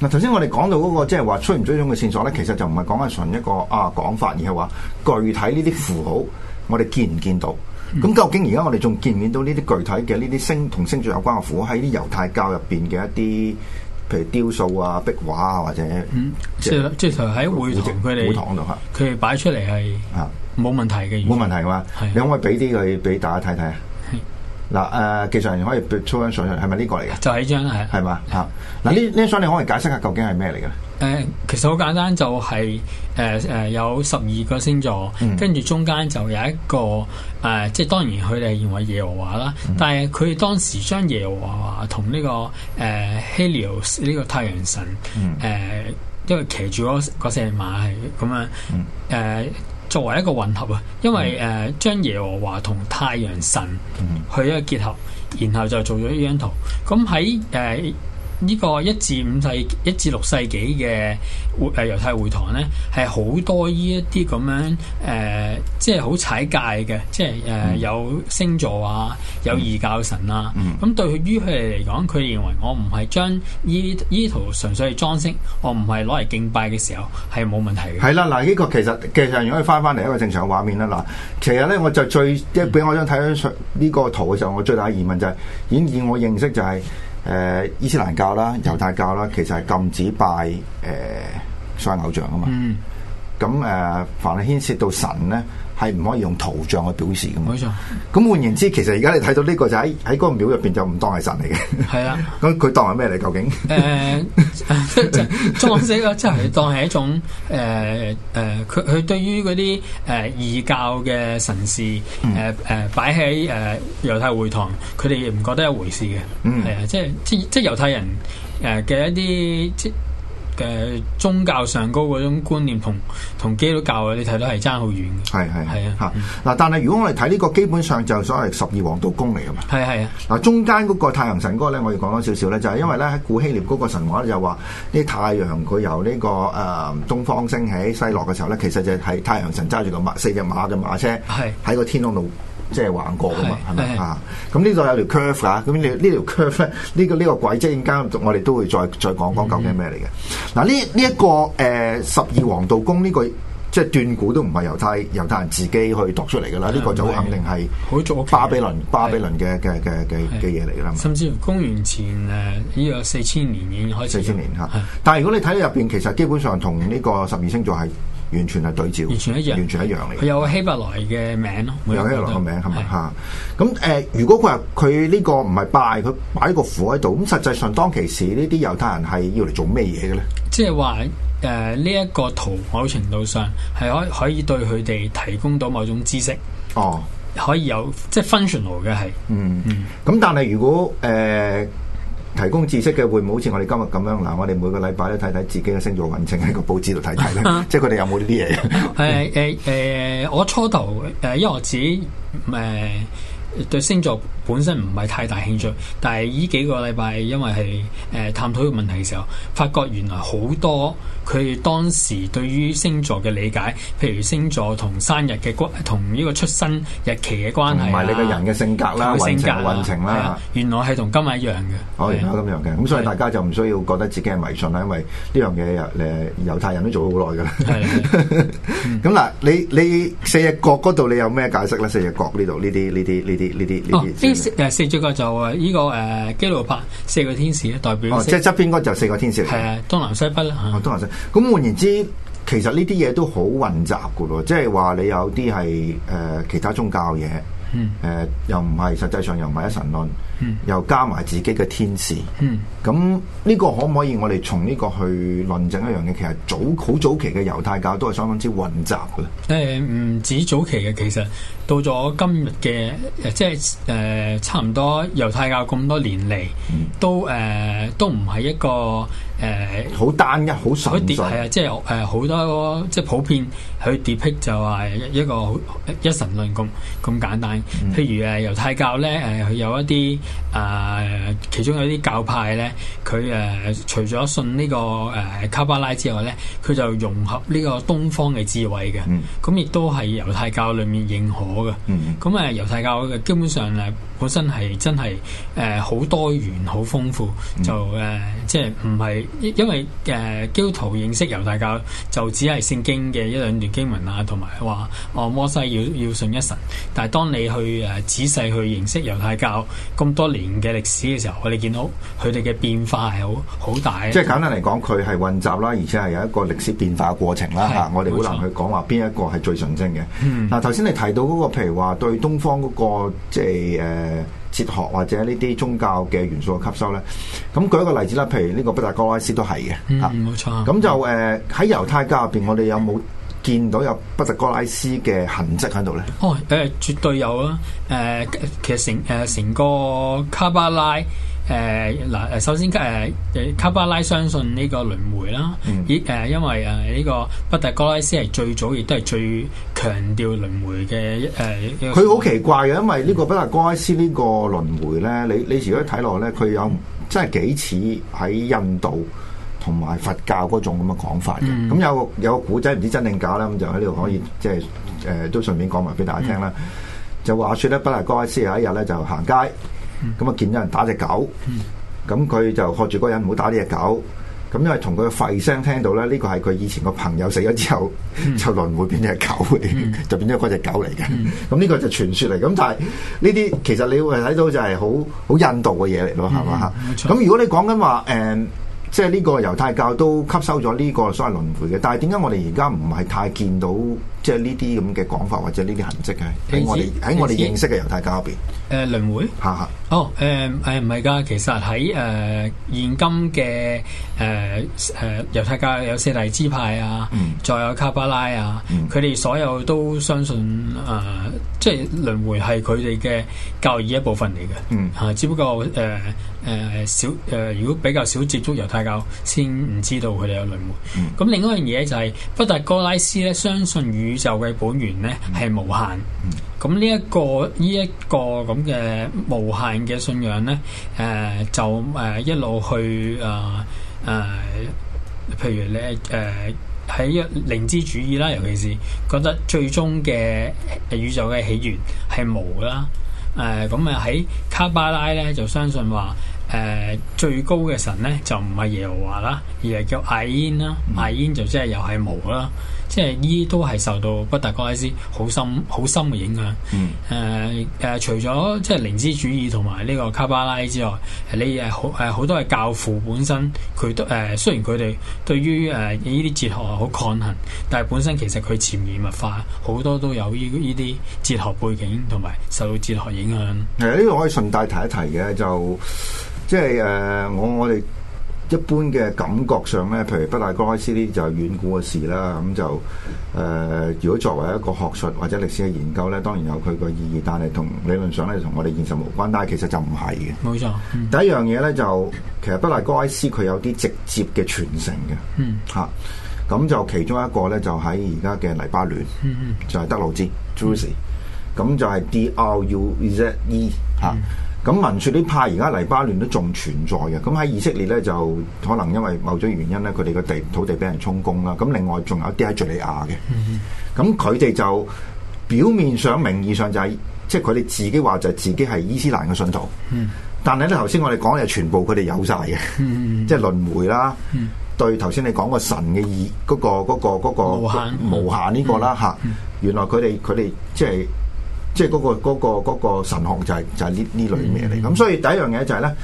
嗱，頭先我哋講到嗰個即係話出唔追蹤嘅線索咧，其實就唔係講緊純一個啊講法而，而係話具體呢啲符號，我哋見唔見到？咁、嗯、究竟而家我哋仲見唔見到呢啲具體嘅呢啲星同星象有關嘅符號喺啲猶太教入邊嘅一啲，譬如雕塑啊、壁畫啊或者，嗯、即係即係喺會堂佢哋會堂度嚇，佢哋擺出嚟係嚇冇問題嘅，冇問題嘅嘛，係，係，你可唔可以俾啲佢俾大家睇睇啊？嗱，誒、嗯，人實可以抽張相出嚟，係咪呢個嚟嘅？就係張啦，係。係嘛？嚇！嗱，呢呢張你可以解釋下究竟係咩嚟嘅？誒，其實好簡單，就是，就係誒誒有十二個星座，跟住中間就有一個誒、呃，即係當然佢哋認為耶和華啦，但係佢哋當時將耶和華同呢、這個誒、呃、h e l i o 呢個太陽神誒，因、呃、為騎住嗰嗰石馬係咁啊誒。作為一個混合啊，因為誒、呃、將耶和華同太陽神去一個結合，然後就做咗呢張圖。咁喺誒。呃呢個一至五世一至六世紀嘅會誒猶太會堂咧，係好多呢一啲咁樣誒、呃，即係好踩界嘅，即係誒、呃、有星座啊，有異教神啊。咁、嗯嗯、對於佢哋嚟講，佢認為我唔係將依啲依圖純粹係裝飾，我唔係攞嚟敬拜嘅時候係冇問題嘅。係啦，嗱，呢個其實其實如果翻返嚟一個正常嘅畫面啦。嗱，其實咧我就最即係俾我想睇得出呢個圖嘅時候，我最大嘅疑問就係、是，以我認識就係、是。誒、uh, 伊斯蘭教啦、猶太教啦，其實係禁止拜誒、呃、所有偶像啊嘛。咁誒、mm. 呃，凡係牽涉到神咧。係唔可以用圖像去表示噶嘛？冇錯。咁換言之，其實而家你睇到呢、這個就喺喺嗰個廟入邊就唔當係神嚟嘅。係啊。咁佢 當係咩嚟？究竟、呃？誒、啊，裝飾咯，即係、就是就是、當係一種誒誒，佢、呃、佢、呃、對於嗰啲誒異教嘅神士誒誒擺喺誒猶太會堂，佢哋唔覺得一回事嘅。嗯。啊、欸，即係即即猶太人誒嘅、呃、一啲。即誒、呃，宗教上高嗰種觀念同同基督教是是，啊，你睇到係爭好遠嘅。係係係啊，吓、嗱！但係如果我哋睇呢個，基本上就所謂十二黃道宮嚟噶嘛。係係啊，嗱、啊，中間嗰個太陽神歌咧，我哋講多少少咧，就係、是、因為咧喺古希臘嗰個神話就話，啲太陽佢由呢個誒、呃、東方升起西落嘅時候咧，其實就係太陽神揸住個馬四隻馬嘅馬車，喺個天空度。是是嗯即係玩過噶嘛，係咪啊？咁呢度有條 curve 噶，咁你呢條 curve 呢個呢個鬼，陣間我哋都會再再講講究竟咩嚟嘅？嗱，呢呢一個誒十二黃道宮呢個即係斷估都唔係猶太猶太人自己去讀出嚟噶啦，呢個就肯定係巴比倫巴比倫嘅嘅嘅嘅嘅嘢嚟噶啦。甚至乎公元前誒呢個四千年已經開始四千年嚇，但係如果你睇到入邊，其實基本上同呢個十二星座係。完全係對照，完全一樣，完全一樣嚟。佢有希伯來嘅名咯，有希伯來個名係咪？嚇吧！咁誒是、呃，如果佢話佢呢個唔係拜，佢擺個符喺度，咁實際上當其時呢啲猶太人係要嚟做咩嘢嘅咧？即係話誒，呢、呃、一、這個圖某程度上係可以可以對佢哋提供到某種知識。哦，可以有即係、就是、functional 嚟嘅係，嗯嗯。咁、嗯、但係如果誒？呃，提供知識嘅會唔會好似我哋今日咁樣嗱、呃？我哋每個禮拜都睇睇自己嘅星座運程，喺個報紙度睇睇咯，即係佢哋有冇呢啲嘢？誒誒誒，我初頭誒、啊，因為我自己誒對星座本身唔係太大興趣，但係呢幾個禮拜因為係誒、呃、探討個問題嘅時候，發覺原來好多佢當時對於星座嘅理解，譬如星座同生日嘅關，同呢個出生日期嘅關係啊，同埋你個人嘅性格啦、性格運程運程啦、啊，啊啊、原來係同今日一樣嘅。哦，原來咁樣嘅，咁所以大家就唔需要覺得自己係迷信啦，因為呢樣嘢誒猶太人都做咗好耐㗎啦。係咁嗱，你你四隻角嗰度你有咩解釋咧？四隻角呢度呢啲呢啲呢啲呢啲呢啲。四誒，四隻角就誒，依、這個誒、呃，基路伯四個天使代表哦，即係側邊嗰就四個天使嚟嘅，係啊，東南西北啦，嗯、哦，東南西，咁換言之，其實呢啲嘢都好混雜噶喎，即係話你有啲係誒其他宗教嘢，呃、嗯，誒又唔係實際上又唔係一神論。嗯、又加埋自己嘅天使，咁呢、嗯、個可唔可以我哋從呢個去論證一樣嘢？其實早好早期嘅猶太教都係相當之混雜嘅。誒、嗯，唔止早期嘅，其實到咗今日嘅，即係誒、呃、差唔多猶太教咁多年嚟，都誒、呃、都唔係一個誒好、呃、單一好純粹，係啊、呃，即係誒好多即係普遍去 depict 就話一個好一,一神論咁咁簡單。譬如誒猶、呃、太教咧，誒、呃、佢有一啲。誒，其中有啲教派咧，佢誒除咗信呢、這個誒、呃、卡巴拉之外咧，佢就融合呢個東方嘅智慧嘅，咁亦、嗯、都係猶太教裏面認可嘅。咁誒猶太教嘅基本上誒，本身係真係誒好多元、好豐富，就誒、呃、即係唔係因為誒、呃、基督徒認識猶太教就只係聖經嘅一兩段經文啊，同埋話哦摩西要要信一神，但係當你去誒、呃、仔細去認識猶太教咁，多年嘅歷史嘅時候，我哋見到佢哋嘅變化係好好大嘅。即係簡單嚟講，佢係混雜啦，而且係有一個歷史變化嘅過程啦。嚇，我哋好難去講話邊一個係最純正嘅。嗱、嗯啊，頭先你提到嗰、那個，譬如話對東方嗰、那個即係誒哲學或者呢啲宗教嘅元素嘅吸收咧。咁舉一個例子啦，譬如呢個畢達哥拉斯都係嘅。啊、嗯，冇錯、啊。咁、嗯、就誒喺、呃、猶太教入邊，我哋有冇？見到有畢達哥拉斯嘅痕跡喺度咧？哦，誒、呃，絕對有啊！誒、呃，其實成誒成個卡巴拉誒嗱誒，首先誒誒、呃、卡巴拉相信呢個輪迴啦，嗯、以誒、呃、因為誒呢、呃這個畢達哥拉斯係最早亦都係最強調輪迴嘅一誒。佢、呃、好奇怪嘅，因為呢個畢達哥拉斯呢個輪迴咧，你你如果睇落咧，佢有，有真係幾似喺印度。同埋佛教嗰種咁嘅講法嘅，咁有有古仔唔知真定假啦，咁就喺呢度可以即係誒，都順便講埋俾大家聽啦。就話説咧，畢達哥拉斯有一日咧就行街，咁啊見到人打隻狗，咁佢就喝住嗰人唔好打呢隻狗。咁因為同佢嘅吠聲聽到咧，呢個係佢以前個朋友死咗之後，就輪迴變隻狗嗰就變咗嗰隻狗嚟嘅。咁呢個就傳說嚟，咁但係呢啲其實你會睇到就係好好印度嘅嘢嚟咯，係嘛嚇咁如果你講緊話誒。即係呢個猶太教都吸收咗呢個所謂輪迴嘅，但係點解我哋而家唔係太見到？即係呢啲咁嘅講法或者呢啲痕跡嘅，喺我哋喺我哋認識嘅猶太教嗰邊，誒輪迴嚇嚇哦誒誒唔係㗎，其實喺誒現今嘅誒誒猶太教有四大支派啊，再有卡巴拉啊，佢哋所有都相信啊，即係輪迴係佢哋嘅教義一部分嚟嘅，嚇。只不過誒誒少誒，如果比較少接觸猶太教，先唔知道佢哋有輪迴。咁另一樣嘢就係畢達哥拉斯咧，相信與宇宙嘅本源咧係、嗯、無限，咁呢一個呢一、呢個咁嘅無限嘅信仰咧，誒、呃、就誒、呃、一路去誒誒、呃呃，譬如咧誒喺一靈知主義啦，尤其是覺得最終嘅宇宙嘅起源係無啦，誒咁啊喺卡巴拉咧就相信話誒、呃、最高嘅神咧就唔係耶和華啦，而係叫艾因啦，艾因、啊、就即係又係無啦。即係依都係受到畢達哥拉斯好深好深嘅影響。誒誒、嗯呃呃，除咗即係靈知主義同埋呢個卡巴拉之外，你係好係好多係教父本身，佢都誒、呃、雖然佢哋對於誒依啲哲學好抗衡，但係本身其實佢潛移默化好多都有呢依啲哲學背景同埋受到哲學影響。誒呢、嗯這個可以順帶提一提嘅就即係誒、呃、我我哋。一般嘅感覺上咧，譬如不列哥伊斯呢啲就係遠古嘅事啦。咁就誒、呃，如果作為一個學術或者歷史嘅研究咧，當然有佢個意義，但係同理論上咧，同我哋現實無關。但係其實就唔係嘅。冇錯。嗯、第一樣嘢咧就，其實不列哥伊斯佢有啲直接嘅傳承嘅。嗯。嚇、啊，咁就其中一個咧，就喺而家嘅黎巴嫩。嗯嗯。就係德魯茲，德魯茲、嗯、D、R、U 咁就係 D R U Z。嚇、E，啊。嗯咁文說啲派而家黎巴嫩都仲存在嘅，咁喺以色列咧就可能因為某種原因咧，佢哋個地土地俾人充公啦。咁另外仲有啲喺敍利亞嘅，咁佢哋就表面上名義上就係即係佢哋自己話就係自己係伊斯蘭嘅信徒，嗯、但係咧頭先我哋講嘅全部佢哋有晒嘅，嗯嗯、即係輪迴啦，嗯、對頭先你講個神嘅意嗰個嗰個嗰個無限呢個啦嚇，原來佢哋佢哋即係。即係嗰、那個嗰、那個那個、神學就係、是、就係呢呢類嘅嚟，咁所以第一樣嘢就係、是、咧，誒、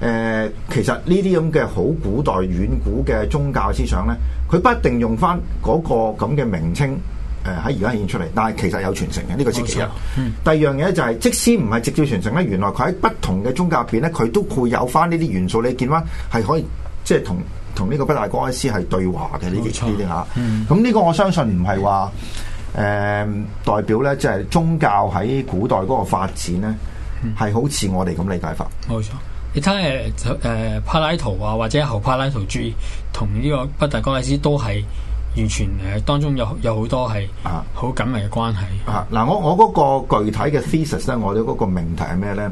呃、其實呢啲咁嘅好古代遠古嘅宗教思想咧，佢不一定用翻嗰個咁嘅名稱誒喺而家顯現出嚟，但係其實有傳承嘅呢、這個事實。第二樣嘢就係、是，即使唔係直接傳承咧，原來佢喺不同嘅宗教入邊咧，佢都會有翻呢啲元素。你見翻係可以即係同同呢個畢達哥拉斯係對話嘅呢啲呢啲嚇。錯些嗯。咁呢個我相信唔係話。誒、呃、代表咧，即係宗教喺古代嗰個發展咧，係、嗯、好似我哋咁理解法。冇、嗯、錯，你睇下誒柏拉圖啊，或者後柏拉圖主義同呢個畢達哥拉斯都係完全誒、呃、當中有有好多係好緊密嘅關係。啊，嗱、啊，我我嗰個具體嘅 thesis 咧，我哋嗰個命題係咩咧？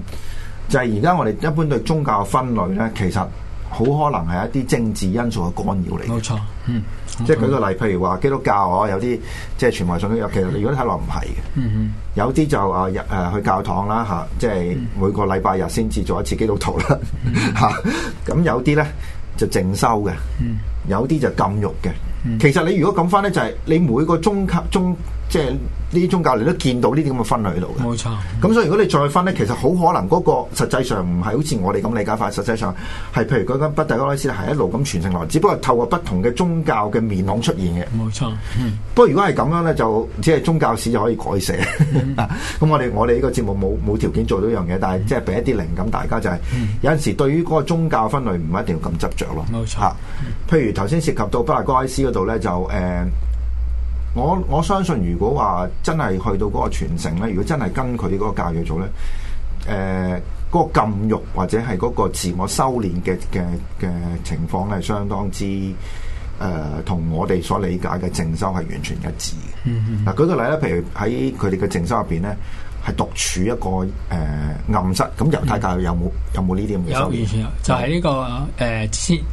就係而家我哋一般對宗教嘅分類咧，其實。好可能係一啲政治因素嘅干擾嚟，冇錯，嗯，即係舉個例，嗯、譬如話基督教啊，有啲即係傳媒信都有，其實、嗯、你如果睇落唔係嘅，嗯，有啲就啊誒、啊、去教堂啦嚇、啊，即係每個禮拜日先至做一次基督徒啦嚇，咁、啊嗯啊、有啲咧就靜修嘅，嗯，有啲就禁欲嘅，嗯、其實你如果咁翻咧，就係、是、你每個中級中。即係呢啲宗教，你都見到呢啲咁嘅分類喺度嘅。冇錯。咁所以如果你再分咧，其實好可能嗰個實際上唔係好似我哋咁理解法，實際上係譬如嗰間畢達哥拉斯係一路咁傳承落嚟，只不過透過不同嘅宗教嘅面孔出現嘅。冇錯。不過如果係咁樣咧，就只係宗教史就可以改寫。咁我哋我哋呢個節目冇冇條件做到一樣嘢，但係即係俾一啲靈感，大家就係有陣時對於嗰個宗教分類唔一定要咁執着咯。冇錯。譬如頭先涉及到畢達哥拉斯嗰度咧，就誒。我我相信，如果話真係去到嗰個傳承咧，如果真係跟佢哋嗰個教養做咧，誒、呃、嗰、嗰個禁欲或者係嗰個自我修練嘅嘅嘅情況咧，係相當之誒、呃、同我哋所理解嘅淨修係完全一致嘅。嗱、嗯嗯，舉個例咧，譬如喺佢哋嘅淨修入邊咧。係獨處一個誒、呃、暗室，咁猶太教有冇有冇呢啲咁嘅？有完全有,有,有，就係、是、呢、這個誒之、哦呃、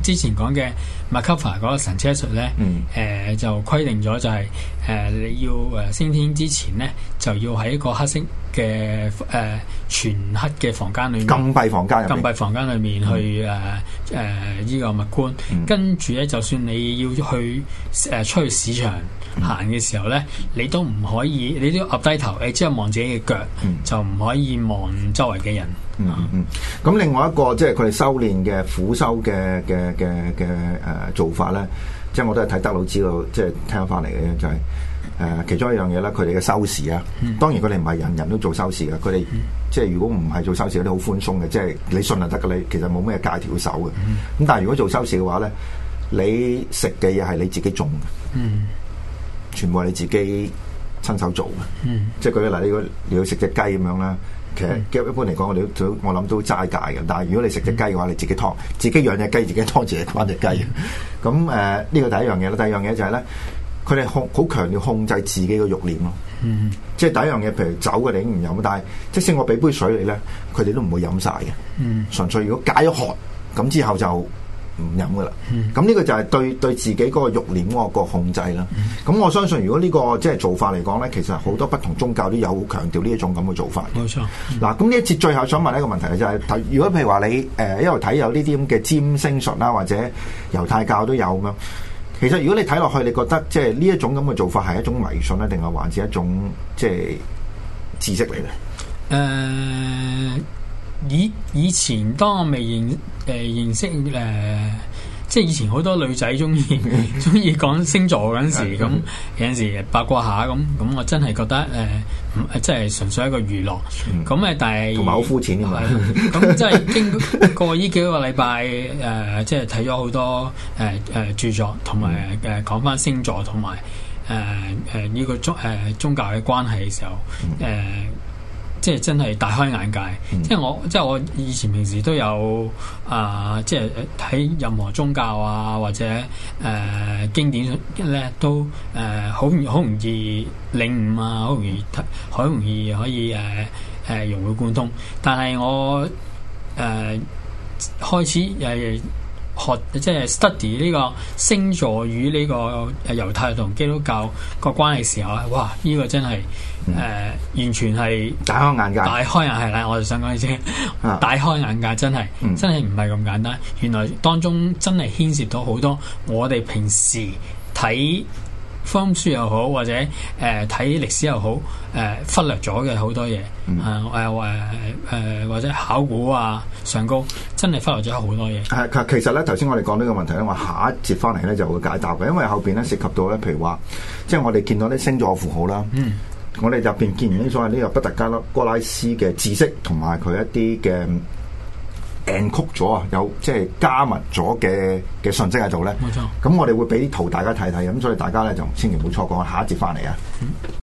之前講嘅麥卡弗嗰個神車術咧，誒、嗯呃、就規定咗就係、是。誒、呃，你要誒升天之前咧，就要喺一個黑色嘅、誒、呃、全黑嘅房間裏面，禁閉房間，禁閉房間裏面去誒誒呢個物觀。跟住咧，就算你要去誒、啊、出去市場行嘅時候咧，嗯、你都唔可以，你都要壓低頭，誒即係望自己嘅腳，嗯、就唔可以望周圍嘅人。嗯嗯。咁、嗯嗯嗯、另外一個即係佢哋修煉嘅苦修嘅嘅嘅嘅誒做法咧，即係我都係睇德佬知道，即係聽翻嚟嘅啫，就係、是、誒、呃，其中一樣嘢啦，佢哋嘅修士啊，當然佢哋唔係人人都做修士嘅，佢哋、嗯、即係如果唔係做修士嗰啲好寬鬆嘅，即係你信就得噶，你其實冇咩戒條守嘅。咁、嗯、但係如果做修士嘅話咧，你食嘅嘢係你自己種，嗯、全部係你自己親手做嘅，嗯、即係舉例，嗱，你如果要食隻雞咁樣啦。嘅，一般嚟講，我哋都我諗都齋戒嘅。但係如果你食隻雞嘅話，你自己劏，自己養隻雞，自己劏自己關隻雞。咁誒， 呢、呃、個第一樣嘢啦。第二樣嘢就係、是、咧，佢哋控好強要控制自己嘅肉念咯。嗯， 即係第一樣嘢，譬如酒嘅，你唔飲。但係即使我俾杯水你咧，佢哋都唔會飲晒。嘅。嗯，純粹如果解渴，咁之後就。唔飲噶啦，咁呢、 嗯、個就係對對自己嗰個慾念個控制啦。咁、嗯、我相信，如果呢、這個即係、就是、做法嚟講呢，其實好多不同宗教都有強調呢一種咁嘅做法。冇錯。嗱、嗯，咁呢一節最後想問一個問題就係、是，如果譬如話你誒、呃、一路睇有呢啲咁嘅占星術啦，或者猶太教都有咁樣，其實如果你睇落去，你覺得即係呢一種咁嘅做法係一種迷信咧，定係還是一種即係、就是、知識嚟嘅？誒、呃。以以前，當我未認誒認識誒、呃，即係以前好多女仔中意中意講星座嗰陣時，咁有陣時八卦下咁，咁我真係覺得誒、呃，即係純粹一個娛樂。咁誒，但係同埋好膚淺，係咪？咁即係經過呢幾個禮拜誒，即係睇咗好多誒誒著作，同埋誒講翻星座同埋誒誒呢個宗誒、呃、宗教嘅關係嘅時候誒。嗯呃即係真係大開眼界，即係我即係我以前平時都有啊、呃，即係睇任何宗教啊，或者誒、呃、經典咧，都誒好好容易領悟啊，好容易好容易可以誒誒、呃呃、融會貫通。但係我誒、呃、開始誒學即係 study 呢個星座與呢個猶太同基督教個關係時候啊，哇！呢、呢個真係～誒、呃，完全係大開眼界，大開眼界係啦。我就想講先，大開眼界真係、啊、真係唔係咁簡單。原來當中真係牽涉到好多我哋平時睇方書又好，或者誒睇、呃、歷史又好，誒、呃、忽略咗嘅好多嘢，誒誒、嗯呃呃、或者考古啊、上高，真係忽略咗好多嘢。係其實咧，頭先我哋講呢個問題咧，我下一節翻嚟咧就會解答嘅，因為後邊咧涉及到咧，譬如話即係我哋見到啲星座符號啦。嗯我哋入邊見唔清楚呢個不特加粒哥拉斯嘅知識，同埋佢一啲嘅 encode 咗啊，有即係加密咗嘅嘅信息喺度咧。冇錯，咁我哋會俾啲圖大家睇睇，咁所以大家咧就千祈唔好錯過下一節翻嚟啊。嗯